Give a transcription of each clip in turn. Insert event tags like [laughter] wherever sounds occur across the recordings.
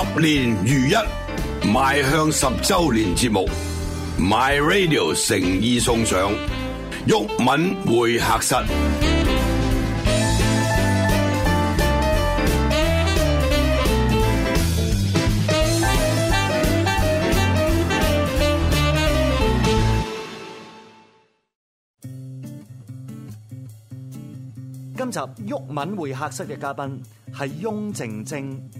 十年如一，邁向十周年節目，My Radio 誠意送上。毓民會客室。今集毓民會客室嘅嘉賓係翁靜晶。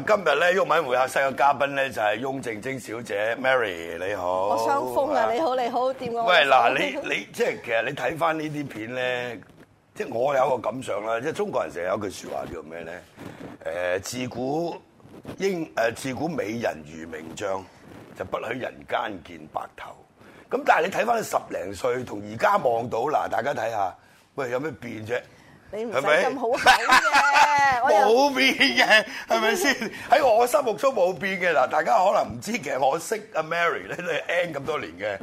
今日咧，毓民會客室嘅嘉賓咧就係翁靜晶小姐 Mary，你好，我傷風啊，你好，你好，點啊？喂，嗱，你你即係其實你睇翻呢啲片咧，即係我有一個感想啦，即係中國人成日有句説話叫咩咧？誒、呃，自古英誒、啊、自古美人如名將，就不許人間見白頭。咁但係你睇翻你十零歲同而家望到嗱，大家睇下，喂，有咩變啫？你唔使咁好睇嘅，冇 [laughs] 又變嘅，係咪先？喺 [laughs] [laughs] 我心目中冇變嘅。嗱，大家可能唔知，其實我識阿 Mary 咧都係 n 咁多年嘅。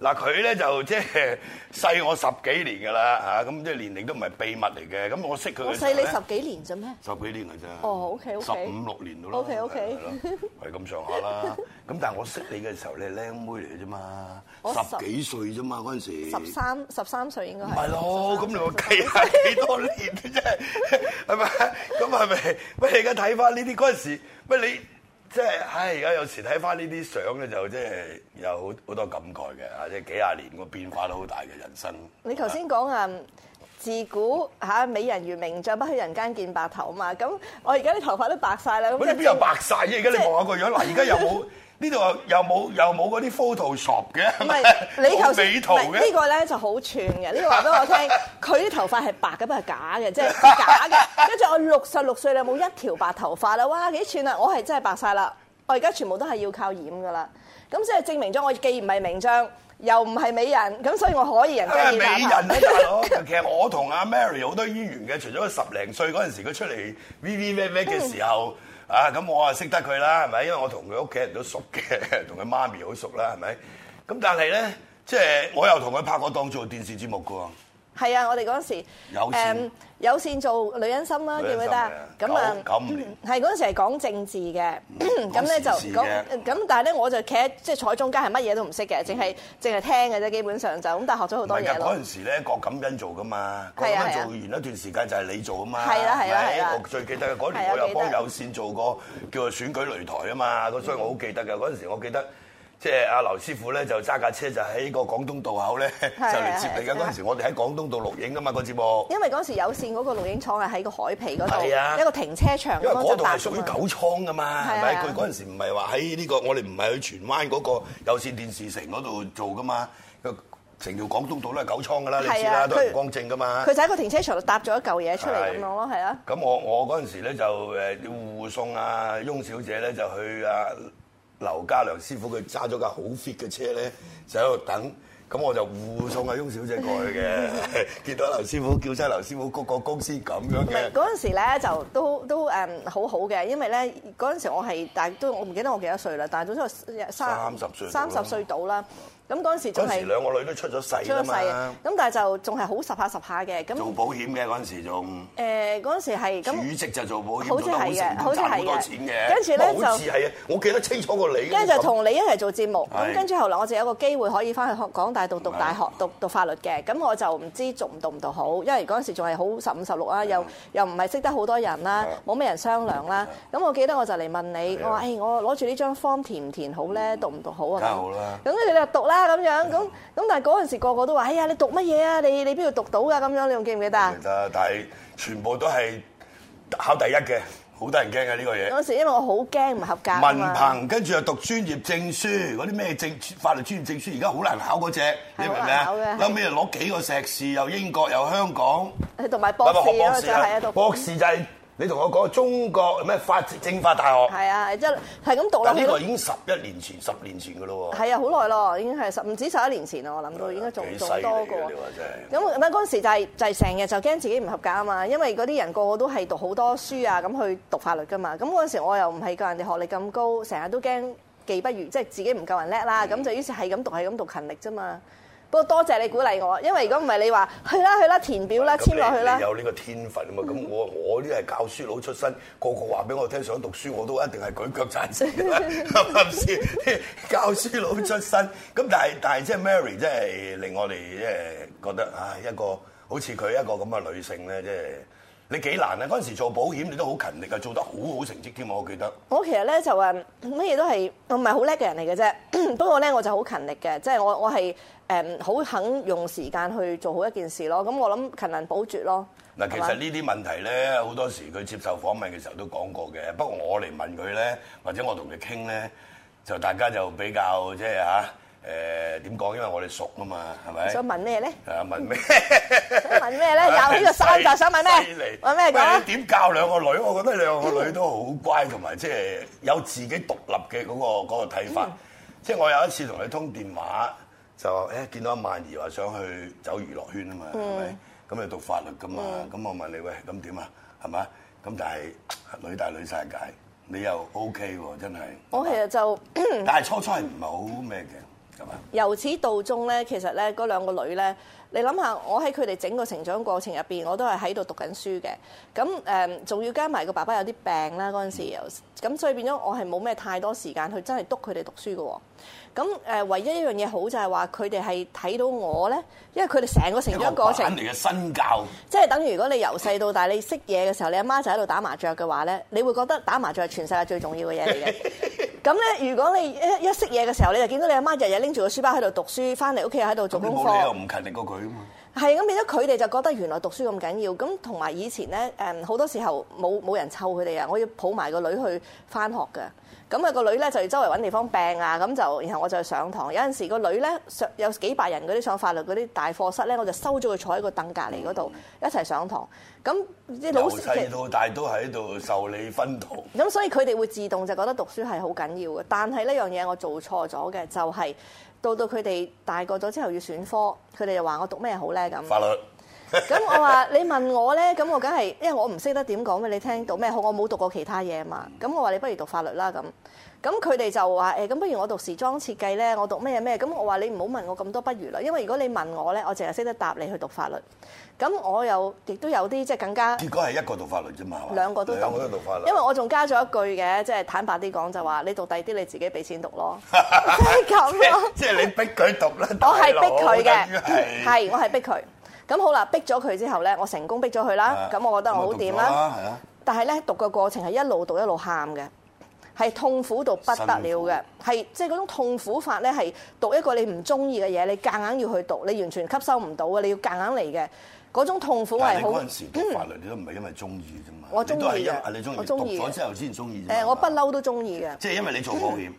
嗱，佢咧就即係細我十幾年㗎啦嚇，咁即係年齡都唔係秘密嚟嘅。咁我識佢。我細你十幾年咋咩？十幾年㗎咋。哦，OK OK。十五六年到啦。OK OK。係咁上下啦。咁但係我識你嘅時候，你係靚妹嚟嘅啫嘛，十幾歲啫嘛嗰陣時。十三，十三歲應該係。唔係咯，咁你話計下幾多年即係係咪？咁係咪？喂你而家睇翻呢啲嗰陣時喂你？即係，唉、哎！而家有時睇翻呢啲相咧，就即係有好好多感慨嘅啊！即係幾廿年個變化都好大嘅人生。你頭先講啊，自古嚇、啊、美人如名將，不許人間見白頭嘛。咁我而家啲頭髮都白晒啦。咁你邊有白晒？啫、就是，而家你望下個樣，嗱，而家又冇～呢度又冇又冇嗰啲 photoshop 嘅，唔係你頭先，唔係呢個咧就好串嘅。呢個話俾我聽，佢啲頭髮係白嘅，不過假嘅，即係假嘅。跟住我六十六歲啦，冇一條白頭髮啦，哇幾串啊！我係真係白晒啦，我而家全部都係要靠染噶啦。咁即係證明咗我既唔係名將，又唔係美人，咁所以我可以人哋。係、啊、美人啊，大佬！ [laughs] 其實我同阿 Mary 好多依緣嘅，除咗佢十零歲嗰陣時佢出嚟 V V 咩咩嘅時候。 [laughs] 啊，咁我啊識得佢啦，係咪？因為我同佢屋企人都熟嘅，同佢媽咪好熟啦，係咪？咁但係咧，即係我又同佢拍過檔做電視節目過。係啊，我哋嗰時誒有線做女人心啦，記唔記得咁啊，係嗰陣時係講政治嘅，咁咧就咁咁，但係咧我就企喺即係坐喺中間，係乜嘢都唔識嘅，淨係淨係聽嘅啫。基本上就咁，但係學咗好多嘢咯。嗰陣時咧，郭錦恩做噶嘛，郭錦恩做完一段時間就係你做啊嘛。係啦係啦，我最記得嗰年我又幫有線做過叫做選舉擂台啊嘛，咁所以我好記得嘅嗰陣時，我記得。即係阿劉師傅咧，就揸架車就喺個廣東道口咧，就嚟的 [laughs] 接你㗎。嗰陣的時我哋喺廣東道錄影㗎嘛，個節目。因為嗰時有線嗰個錄影廠係喺個海皮嗰度，的一個停車場。因為嗰度係屬於九倉㗎嘛，係咪的？佢嗰陣時唔係話喺呢個，我哋唔係去荃灣嗰個有線電視城嗰度做㗎嘛，成條廣東道都係九倉㗎啦，你知啦的都唔光正㗎嘛。佢就喺個停車場度搭咗一嚿嘢出嚟咁樣咯，係的啊。咁我我嗰陣時咧就誒護送啊翁小姐咧就去啊。劉家良師傅佢揸咗架好 fit 嘅車咧，就喺度等。咁我就護送阿翁小姐過去嘅，見到劉師傅叫晒劉師傅個個公司咁樣嘅。嗰陣時咧就都都誒好好嘅，因為咧嗰陣時我係但係都我唔記得我幾多歲啦，但係總之我三十三十歲到啦。咁嗰陣時仲係兩個女都出咗世出咗世，咁但係就仲係好十下十下嘅。做保險嘅嗰陣時仲誒嗰陣時係主席就做保險做得好成功賺好多錢嘅。嗰陣時咧就好似係啊，我記得清楚過你。跟住就同你一齊做節目，咁跟住後來我就有個機會可以翻去香港。喺度讀大學，讀讀法律嘅，咁我就唔知讀唔讀唔讀好，因為嗰陣時仲係好十五十六啦，又又唔係識得好多人啦，冇咩人商量啦。咁我記得我就嚟問你，我話誒，我攞住呢張 form 填唔填好咧？讀唔讀好啊？梗好啦，咁你哋就讀啦，咁樣，咁咁但係嗰陣時個個都話，哎呀，你讀乜嘢啊？你你邊度讀到噶？咁樣，你仲記唔記得啊？記得，但係全部都係考第一嘅。好得人驚嘅呢個嘢，嗰時因為我好驚唔合格啊嘛。文憑跟住又讀專業證書，嗰啲咩證法律專業證書，而家好難考嗰隻，你明唔明？後尾又攞幾個碩士，又英國又香港，同埋博士啊，博士，博士就係。你同我講中國有咩法政法大學？係啊，即係咁讀啦。嗱，呢個已經十一年前、十年前嘅咯喎。係啊，好耐咯，已經係十唔止十一年前啊。我諗到應該仲仲、啊、多過。幾犀利嘅，你話真係咁。但係嗰陣時就係、是、就係成日就驚自己唔合格啊嘛。因為嗰啲人個個都係讀好多書啊，咁去讀法律㗎嘛。咁嗰陣時我又唔係夠人哋學歷咁高，成日都驚技不如，即係自己唔夠人叻啦。咁的就於是係咁讀，係咁讀，讀勤力啫嘛。不過多謝你鼓勵我，因為如果唔係你話，去啦去啦填表啦喂簽落去啦，有呢個天分啊嘛！咁、嗯、我我呢係教書佬出身，個個話俾我聽想讀書，我都一定係舉腳贊成， [laughs] [laughs] 教書佬出身，咁但係但係即係 Mary 真係令我哋即係覺得啊一個好似佢一個咁嘅女性咧，即係。你幾難咧、啊？嗰陣時做保險，你都好勤力啊，做得好好成績添啊！我記得。我其實咧就話乜嘢都係我唔係好叻嘅人嚟嘅啫，不過咧我就好勤力嘅，即、就、係、是、我我係誒好肯用時間去做好一件事咯。咁我諗勤能補拙咯。嗱，其實呢啲問題咧，好多時佢接受訪問嘅時候都講過嘅。不過我嚟問佢咧，或者我同佢傾咧，就大家就比較即係嚇。就是誒點講？因為我哋熟啊嘛，係咪？想問咩咧？係啊，問咩、嗯？ [laughs] 想問咩咧？又呢個三，又想問咩？問咩講？點教兩個女？我覺得兩個女都好乖，同埋即係有自己獨立嘅嗰、嗰個睇、嗰個、法。嗯、即係我有一次同佢通電話，就誒、哎、見到阿曼兒話想去走娛樂圈啊嘛，係咪？咁你、嗯、讀法律噶嘛？咁、嗯、我問你喂，咁點啊？係咪？咁但係女大女世界，你又 OK 喎，真係。是是我其實就，但係初初係唔係好咩嘅？由始到終咧，其實咧嗰兩個女咧，你諗下，我喺佢哋整個成長過程入邊，我都係喺度讀緊書嘅。咁誒，仲、呃、要加埋個爸爸有啲病啦嗰陣時又，咁、嗯、所以變咗我係冇咩太多時間去真係督佢哋讀書嘅。咁誒、呃，唯一一樣嘢好就係話佢哋係睇到我咧，因為佢哋成個成長過程，嚟嘅身教，即係等於如果你由細到大你識嘢嘅時候，你阿媽就喺度打麻雀嘅話咧，你會覺得打麻雀係全世界最重要嘅嘢嚟嘅。 [laughs] 咁咧，如果你一一識嘢嘅時候，你就見到你阿媽日日拎住個書包喺度讀書，翻嚟屋企喺度做功課。你冇理由唔勤力過佢啊嘛！係。咁變咗，佢哋就覺得原來讀書咁緊要。咁同埋以前咧，誒好多時候冇冇人湊佢哋啊，我要抱埋個女去翻學㗎。咁啊個女咧，就要周圍揾地方病啊，咁就然後我就上堂。有陣時個女咧上有幾百人嗰啲上法律嗰啲大課室咧，我就收咗佢坐喺個凳隔離嗰度一齊上堂。咁啲由小 老師細到大都喺度受你薰陶。咁所以佢哋會自動就覺得讀書係好緊要嘅。但係呢樣嘢我做錯咗嘅就係、是、到到佢哋大個咗之後要選科，佢哋就話我讀咩好咧咁。法律。咁 [laughs] 我話你問我咧，咁我梗係，因為我唔識得點講俾你聽到咩，好，我冇讀過其他嘢嘛。咁我話你不如讀法律啦。咁咁佢哋就話誒，咁、欸、不如我讀時裝設計咧，我讀咩咩。咁我話你唔好問我咁多不如啦，因為如果你問我咧，我淨係識得答你去讀法律。咁我又亦都有啲即係更加。結果係一個讀法律啫嘛，兩個都兩個都讀法律。因為我仲加咗一句嘅，即係坦白啲講就話你讀第啲你自己俾錢讀咯， [laughs] [laughs] 即係咁咯。 [laughs] 即係你逼佢讀啦， [laughs] [laughs] 我係逼佢嘅，係我係逼佢。咁好啦，逼咗佢之後咧，我成功逼咗佢啦。咁我覺得我好掂啦。但係咧，讀個過程係一路讀一路喊嘅，係痛苦到不得了嘅，係即係嗰種痛苦法咧，係讀一個你唔中意嘅嘢，你夾硬要去讀，你完全吸收唔到嘅，你要夾硬嚟嘅嗰種痛苦係好。嗰陣時讀法律，你都唔係因為中意啫嘛，我都係因係你中意讀咗之後先中意。誒，我不嬲都中意嘅，即係因為你做保險？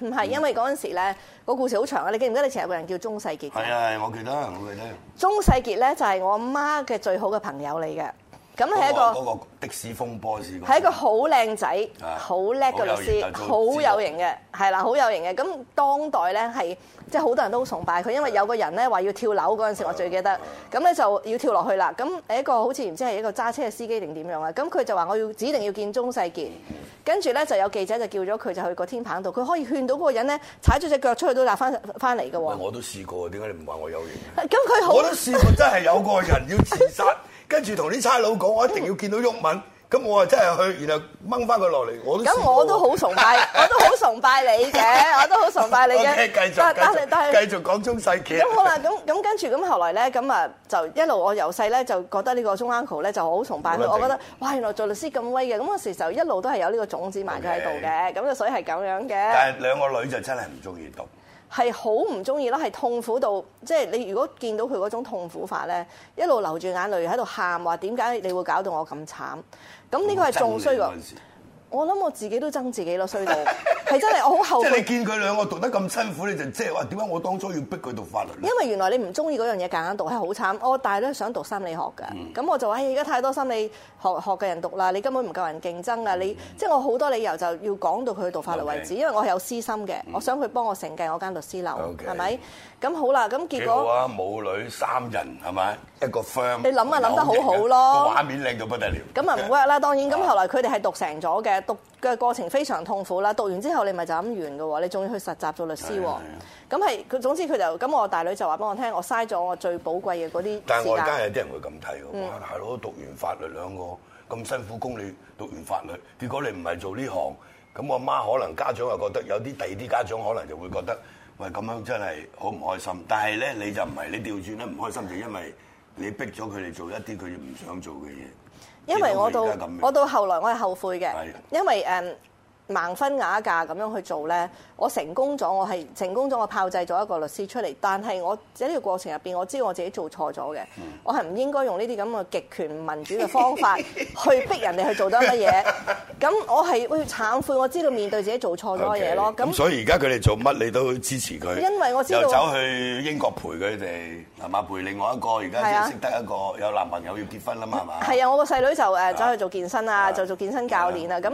唔係，因為嗰陣時咧、嗯、個故事好長。你記唔記得？你前日有個人叫鐘世傑。係啊，我記得，我記得。鐘世傑咧就係、是、我媽嘅最好嘅朋友嚟嘅。咁係一個,、那個那個的士風波，是個係一個好靚仔、好叻嘅律師，好有型嘅，係啦，好有型嘅。咁當代咧係即係好多人都好崇拜佢，因為有個人咧話要跳樓嗰陣時，的我最記得。咁咧就要跳落去啦。咁係一個好似唔知係一個揸車嘅司機定點樣啊？咁佢就話我要指定要見鍾世傑，嗯、跟住咧就有記者就叫咗佢就去個天棚度，佢可以勸到嗰個人咧踩咗隻腳出去都拿翻翻嚟嘅。我都試過，點解你唔話我有型？咁佢好我都試過，真係有個人要自殺。 [laughs] 跟住同啲差佬講，我一定要見到毓民，咁我啊真係去，然後掹翻佢落嚟，我都咁我都好崇拜，我都好崇拜你嘅，我都好崇拜你嘅。我聽繼續，但係但係繼續講中世紀咁好啦。咁咁跟住咁後來咧，咁啊就一路我由細咧就覺得呢個中 uncle 咧就好崇拜，我覺得哇原來做律師咁威嘅。咁嗰時就一路都係有呢個種子埋咗喺度嘅，咁啊所以係咁樣嘅。但係兩個女就真係唔中意讀。係好唔中意啦，係痛苦到，即係你如果見到佢嗰種痛苦法咧，一路流住眼淚喺度喊話點解你會搞到我咁慘？咁呢個係仲衰過。我諗我自己都憎自己咯，衰到係真係我好後悔。你見佢兩個讀得咁辛苦，你就即係話點解我當初要逼佢讀法律？因為原來你唔中意嗰樣嘢，硬硬讀係好慘。我但係咧想讀心理學嘅，咁我就話：而家太多心理學學嘅人讀啦，你根本唔夠人競爭啊！你即係我好多理由就要講到佢去讀法律為止，因為我係有私心嘅，我想佢幫我承繼我間律師樓，係咪？咁好啦，咁結果幾好啊！母女三人係咪一個 firm？你諗啊，諗得好好咯，畫面靚到不得了。咁啊唔屈啦，當然咁後來佢哋係讀成咗嘅。讀嘅過程非常痛苦啦，讀完之後你咪就咁完嘅喎，你仲要去實習做律師，咁係佢總之佢就咁。我大女就話俾我聽，我嘥咗我最寶貴嘅嗰啲時間。但係外間有啲人會咁睇，哇，係咯，讀完法律兩個咁辛苦供你讀完法律，結果你唔係做呢行，咁我媽可能家長又覺得，有啲第二啲家長可能就會覺得，喂，咁樣真係好唔開心。但係咧，你就唔係，你調轉咧唔開心就因為你逼咗佢哋做一啲佢唔想做嘅嘢。因為我到我到後來我係後悔嘅，是的 因為誒，Uh 盲婚啞嫁咁樣去做咧，我成功咗，我係成功咗，我炮製咗一個律師出嚟。但係我喺呢個過程入邊，我知道我自己做錯咗嘅，我係唔應該用呢啲咁嘅極權民主嘅方法去逼人哋去做多乜嘢。咁我係會懺悔，我知道面對自己做錯咗嘢咯。咁所以而家佢哋做乜你都支持佢？因我又走去英國陪佢哋係嘛？陪另外一個而家先識得一個有男朋友要結婚啦嘛？係啊，我個細女就誒走去做健身啊，就做健身教練啊。咁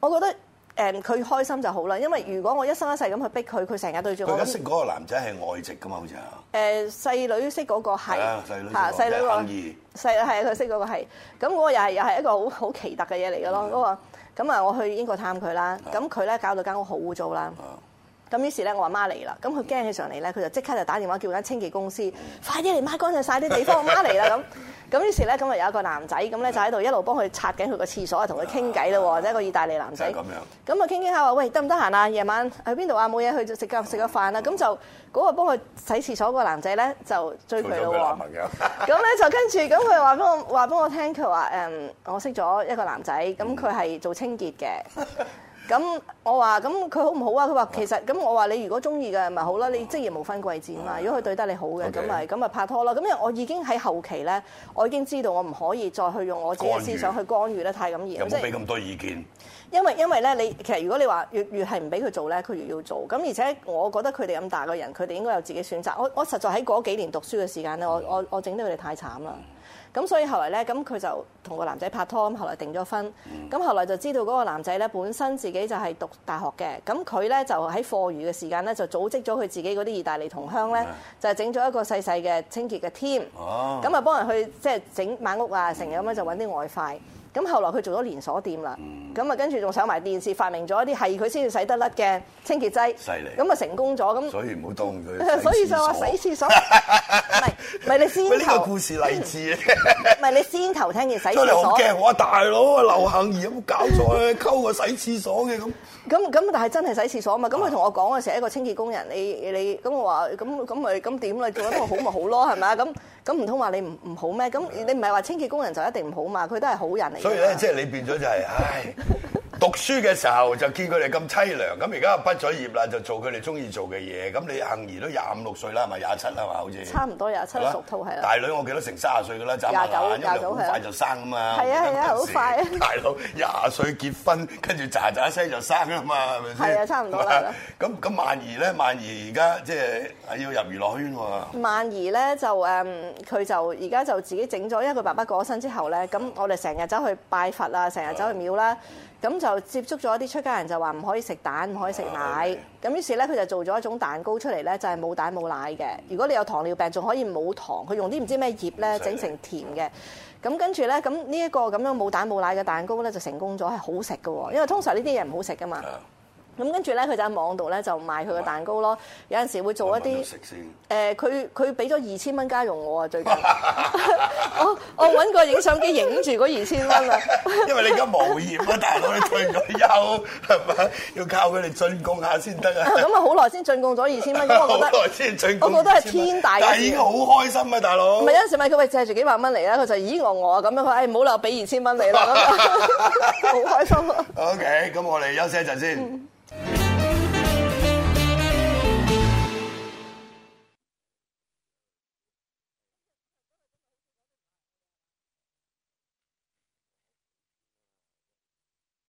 我覺得。誒佢開心就好啦，因為如果我一生一世咁去逼佢，佢成日對住我。佢而家識嗰個男仔係外籍噶嘛，好似啊。誒細女識嗰個係。係啊，細女。嚇，細女，那個、細女個。細女係啊，佢識嗰個係。咁、那、嗰個又係又係一個好好奇特嘅嘢嚟㗎咯，嗰個、那個。咁啊，我去英國探佢啦。咁佢咧搞到間屋好污糟啦。咁於是咧，我阿媽嚟啦。咁佢驚起上嚟咧，佢就即刻就打電話叫間清潔公司，嗯、快啲嚟抹乾淨晒啲地方。我媽嚟啦咁。咁 [laughs] 於是咧，咁日有一個男仔咁咧， [laughs] 就喺度一路幫佢擦緊佢個廁所，同佢傾偈啦喎，啊、就一個意大利男仔。咁樣。咁啊，傾傾下話，喂，得唔得閒啊？夜晚去邊度啊？冇嘢去食食個飯啦。咁、嗯、就嗰個幫佢洗廁所個男仔咧，就追佢啦喎。咁咧就跟住咁，佢話俾我話俾我聽，佢話誒，我識咗一個男仔，咁佢係做清潔嘅。 [laughs] 咁我話咁佢好唔好啊？佢話其實咁是的 我話你如果中意嘅咪好啦，你職業冇分貴賤嘛。是的 如果佢對得你好嘅，咁咪咁咪拍拖囉。咁因為我已經喺後期咧，我已經知道我唔可以再去用我自己嘅思想去干預咧，太咁易。又唔俾咁多意見。因為因為咧，你其實如果你話越越係唔俾佢做咧，佢越要做。咁而且我覺得佢哋咁大個人，佢哋應該有自己選擇。我我實在喺嗰幾年讀書嘅時間咧，我我我整得佢哋太慘啦。咁所以後嚟咧，咁佢就同個男仔拍拖，咁後嚟定咗婚。咁、嗯、後嚟就知道嗰個男仔咧，本身自己就係讀大學嘅。咁佢咧就喺課餘嘅時間咧，就組織咗佢自己嗰啲意大利同鄉咧，嗯、就整咗一個細細嘅清潔嘅 team。咁啊，幫人去即係整買屋啊，成日咁樣就揾啲外快。咁後來佢做咗連鎖店啦，咁啊、嗯、跟住仲上埋電視，發明咗一啲係佢先至洗得甩嘅清潔劑，咁啊，犀利成功咗，咁所以唔好當佢，所以就話洗廁所，唔係唔係你先頭？呢個故事勵志啊。唔係你先頭聽住洗廁所，我大佬啊，劉杏兒有冇搞錯啊？溝個洗廁所嘅咁。 [laughs] 咁咁，但係真係洗廁所啊嘛！咁佢同我講啊，成一個清潔工人，你你咁我話，咁咁咪咁點啦？做一個好咪好咯，係咪啊？咁咁唔通話你唔唔好咩？咁是的 你唔係話清潔工人就一定唔好嘛？佢都係好人嚟。所以咧，即係你變咗就係、是， [laughs] 唉。讀書嘅時候就見佢哋咁凄涼，咁而家畢咗業啦，就做佢哋中意做嘅嘢。咁你杏兒都廿五六歲啦，係咪廿七啦？好似差唔多廿七熟套係啦。大女我記得成三十歲噶啦，廿九廿九係快就生咁嘛？係啊係啊，好快。大佬廿歲結婚，跟住喳喳聲就生啦嘛，係咪先？係啊，差唔多啦。咁咁萬兒咧，萬兒而家即係要入娛樂圈喎。萬兒咧就誒，佢就而家就自己整咗，因為佢爸爸過咗身之後咧，咁我哋成日走去拜佛啊，成日走去廟啦。咁就接觸咗一啲出家人，就話唔可以食蛋，唔可以食奶，咁、啊、於是咧佢就做咗一種蛋糕出嚟咧就係、是、冇蛋冇奶嘅。如果你有糖尿病仲可以冇糖，佢用啲唔知咩葉咧整不用 成甜嘅。咁跟住咧咁呢一個咁樣冇蛋冇奶嘅蛋糕咧就成功咗，係好食㗎喎，因為通常呢啲嘢唔好食噶嘛。咁跟住咧，佢就喺網度咧就賣佢個蛋糕咯。有陣時會做一啲，誒，佢佢俾咗二千蚊家用我啊！最近，我我揾個影相機影住嗰二千蚊啊！因為你而家無業啊，大佬，你退咗休係咪？要靠佢哋進貢下先得啊！咁啊，好耐先進貢咗二千蚊，咁我覺得先進我覺得係天大，已經好開心啊，大佬！唔係有陣時咪佢咪借住幾百蚊嚟啦，佢就咦我我咁樣佢，誒唔好啦，俾二千蚊你啦，好開心啊！OK，咁我哋休息一陣先。